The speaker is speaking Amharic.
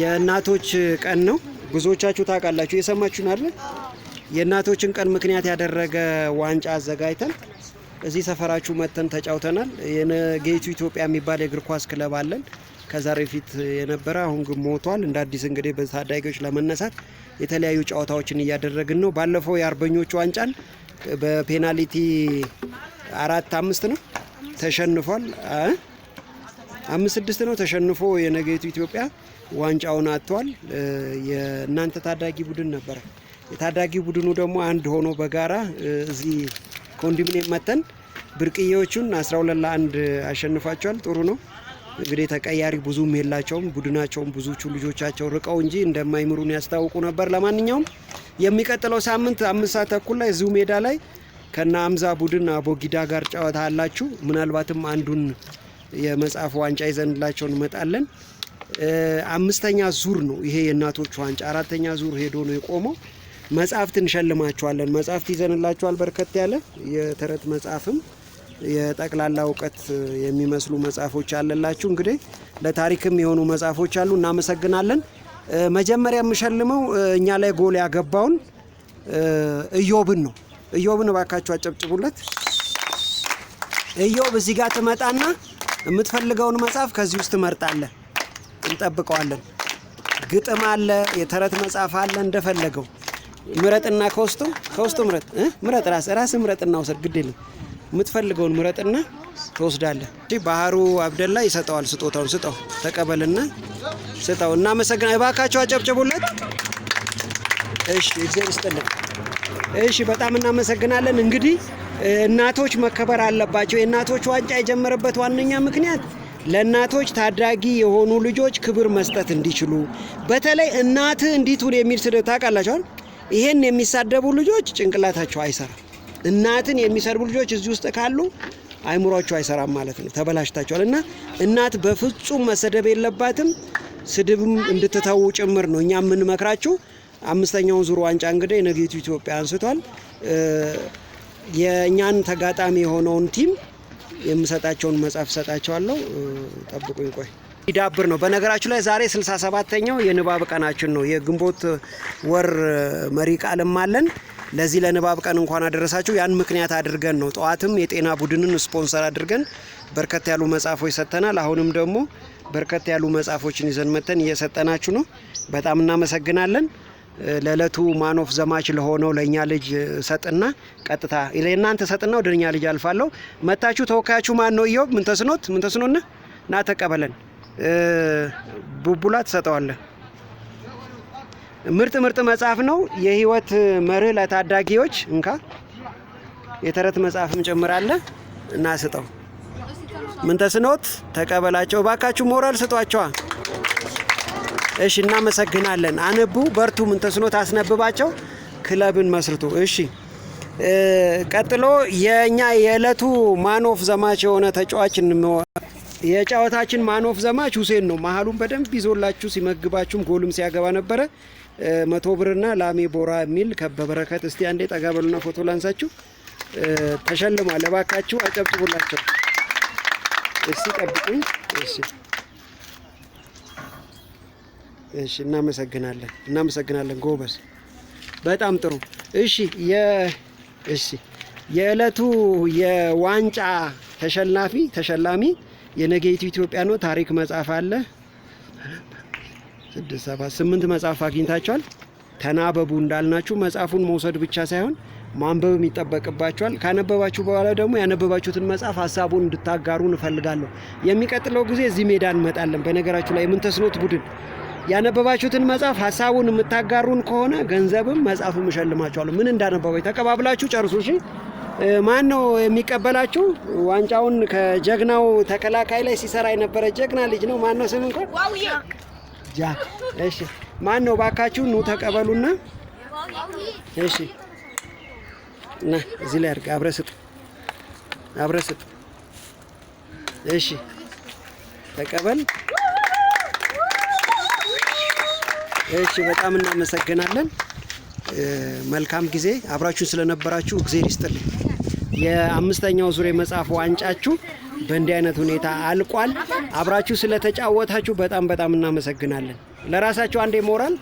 የእናቶች ቀን ነው። ብዙዎቻችሁ ታውቃላችሁ፣ የሰማችሁን አለ የእናቶችን ቀን ምክንያት ያደረገ ዋንጫ አዘጋጅተን እዚህ ሰፈራችሁ መጥተን ተጫውተናል። ጌቱ ኢትዮጵያ የሚባል የእግር ኳስ ክለብ አለን። ከዛ በፊት የነበረ አሁን ግን ሞቷል። እንደ አዲስ እንግዲህ በታዳጊዎች ለመነሳት የተለያዩ ጨዋታዎችን እያደረግን ነው። ባለፈው የአርበኞቹ ዋንጫን በፔናልቲ አራት አምስት ነው ተሸንፏል። አምስት ስድስት ነው ተሸንፎ የነገይቱ ኢትዮጵያ ዋንጫውን አጥቷል። የእናንተ ታዳጊ ቡድን ነበረ። የታዳጊ ቡድኑ ደግሞ አንድ ሆኖ በጋራ እዚህ ኮንዶሚኒየም መተን ብርቅዬዎቹን 12 ለአንድ አሸንፏቸዋል። ጥሩ ነው እንግዲህ ተቀያሪ ብዙም የላቸውም። ቡድናቸውም ብዙዎቹ ልጆቻቸው ርቀው እንጂ እንደማይምሩን ያስታውቁ ነበር። ለማንኛውም የሚቀጥለው ሳምንት አምስት ሰዓት ተኩል ላይ እዚሁ ሜዳ ላይ ከነ አምዛ ቡድን አቦጊዳ ጋር ጨዋታ አላችሁ። ምናልባትም አንዱን የመጽሐፍ ዋንጫ ይዘንላቸው እንመጣለን። አምስተኛ ዙር ነው ይሄ የእናቶች ዋንጫ። አራተኛ ዙር ሄዶ ነው የቆመው። መጽሐፍት እንሸልማቸዋለን። መጽሐፍት ይዘንላቸዋል። በርከት ያለ የተረት መጽሐፍም የጠቅላላ እውቀት የሚመስሉ መጽሐፎች አለላችሁ። እንግዲህ ለታሪክም የሆኑ መጽሐፎች አሉ። እናመሰግናለን። መጀመሪያ የምሸልመው እኛ ላይ ጎል ያገባውን እዮብን ነው። እዮብን እባካችሁ አጨብጭቡለት። እዮብ እዚህ ጋር ትመጣና የምትፈልገውን መጽሐፍ ከዚህ ውስጥ መርጣለህ። እንጠብቀዋለን። ግጥም አለ፣ የተረት መጽሐፍ አለ። እንደፈለገው ምረጥና ከውስጡ ከውስጡ ምረጥ ምረጥ ራስ ራስ ምረጥና ውሰድ። ግድ የለም የምትፈልገውን ምረጥና ትወስዳለህ። ባህሩ አብደላ ይሰጠዋል። ስጦታውን ስጠው፣ ተቀበልና ስጠው። እናመሰግና። እባካችሁ አጨብጭቡለት። እሺ፣ እግዚአብሔር ይስጥልን። እሺ፣ በጣም እናመሰግናለን። እንግዲህ እናቶች መከበር አለባቸው። የእናቶች ዋንጫ የጀመረበት ዋነኛ ምክንያት ለእናቶች ታዳጊ የሆኑ ልጆች ክብር መስጠት እንዲችሉ፣ በተለይ እናት እንዲት የሚል ስድብ ታውቃላችኋል። ይሄን የሚሳደቡ ልጆች ጭንቅላታቸው አይሰራም። እናትን የሚሰድቡ ልጆች እዚህ ውስጥ ካሉ አይምሯቸው አይሰራም ማለት ነው። ተበላሽታቸዋል። እና እናት በፍጹም መሰደብ የለባትም። ስድብም እንድትተዉ ጭምር ነው እኛ የምንመክራችሁ። አምስተኛውን ዙር ዋንጫ እንግዲህ የነገይቱ ኢትዮጵያ አንስቷል። የእኛን ተጋጣሚ የሆነውን ቲም የምሰጣቸውን መጽሐፍ እሰጣቸዋለሁ። ጠብቁኝ። ቆይ ይዳብር ነው። በነገራችሁ ላይ ዛሬ 67ተኛው የንባብ ቀናችን ነው። የግንቦት ወር መሪ ቃልም አለን። ለዚህ ለንባብ ቀን እንኳን አደረሳችሁ። ያን ምክንያት አድርገን ነው ጠዋትም የጤና ቡድንን ስፖንሰር አድርገን በርከት ያሉ መጽሐፎች ሰጥተናል። አሁንም ደግሞ በርከት ያሉ መጽሐፎችን ይዘን መተን እየሰጠናችሁ ነው። በጣም እናመሰግናለን። ለዕለቱ ማኖፍ ዘማች ለሆነው ለእኛ ልጅ ሰጥና ቀጥታ ለእናንተ ሰጥና ወደ እኛ ልጅ አልፋለሁ። መታችሁ ተወካያችሁ ማን ነው? እየው ምን ምንተስኖነ ና ተቀበለን። ቡቡላ ትሰጠዋለህ። ምርጥ ምርጥ መጽሐፍ ነው። የህይወት መርህ ለታዳጊዎች እንካ የተረት መጽሐፍም ጨምራለ እና ምን ተስኖት ተቀበላቸው ባካችሁ፣ ሞራል ስጧቸዋ። እሺ፣ እናመሰግናለን። አንቡ በርቱ ምንተስኖ ታስነብባቸው ክለብን መስርቱ። እሺ፣ ቀጥሎ የእኛ የዕለቱ ማኖፍ ዘማች የሆነ ተጫዋች የጨዋታችን ማኖፍ ዘማች ሁሴን ነው። መሀሉን በደንብ ይዞላችሁ ሲመግባችሁም ጎልም ሲያገባ ነበረ። መቶ ብርና ላሜ ቦራ የሚል ከበበረከት እስቲ አንዴ ጠጋበሉና ፎቶ ላንሳችሁ። ተሸልሟል። እባካችሁ አጨብጭቡላቸው። እስቲ ጠብቁኝ። እሺ እሺ፣ እናመሰግናለን እናመሰግናለን። ጎበዝ፣ በጣም ጥሩ። እሺ የ እሺ የዕለቱ የዋንጫ ተሸላፊ ተሸላሚ የነገይቱ ኢትዮጵያ ነው። ታሪክ መጽሐፍ አለ ስድስት ሰባት ስምንት መጽሐፍ አግኝታቸዋል። ተናበቡ እንዳልናችሁ መጽሐፉን መውሰድ ብቻ ሳይሆን ማንበብም ይጠበቅባቸዋል። ካነበባችሁ በኋላ ደግሞ ያነበባችሁትን መጽሐፍ ሀሳቡን እንድታጋሩ እንፈልጋለሁ። የሚቀጥለው ጊዜ እዚህ ሜዳ እንመጣለን። በነገራችሁ ላይ የምንተስኖት ቡድን ያነበባችሁትን መጽሐፍ ሀሳቡን የምታጋሩን ከሆነ ገንዘብም መጽሐፍም እሸልማችኋለሁ። ምን እንዳነበባችሁ ተቀባብላችሁ ጨርሱ። እሺ። ማን ነው የሚቀበላችሁ? ዋንጫውን ከጀግናው ተከላካይ ላይ ሲሰራ የነበረ ጀግና ልጅ ነው። ማን ነው ስም እንኳን ጃክ። እሺ። ማን ነው? ባካችሁ ኑ ተቀበሉና። እሺ። ና እዚህ ላይ አድርግ። አብረህ ስጥ፣ አብረህ ስጥ። እሺ፣ ተቀበል። እሺ፣ በጣም እናመሰግናለን። መልካም ጊዜ አብራችሁን ስለነበራችሁ እግዜር ይስጥልኝ። የአምስተኛው ዙር መጽሐፍ ዋንጫችሁ በእንዲህ አይነት ሁኔታ አልቋል። አብራችሁ ስለተጫወታችሁ በጣም በጣም እናመሰግናለን። ለራሳችሁ አንዴ ሞራል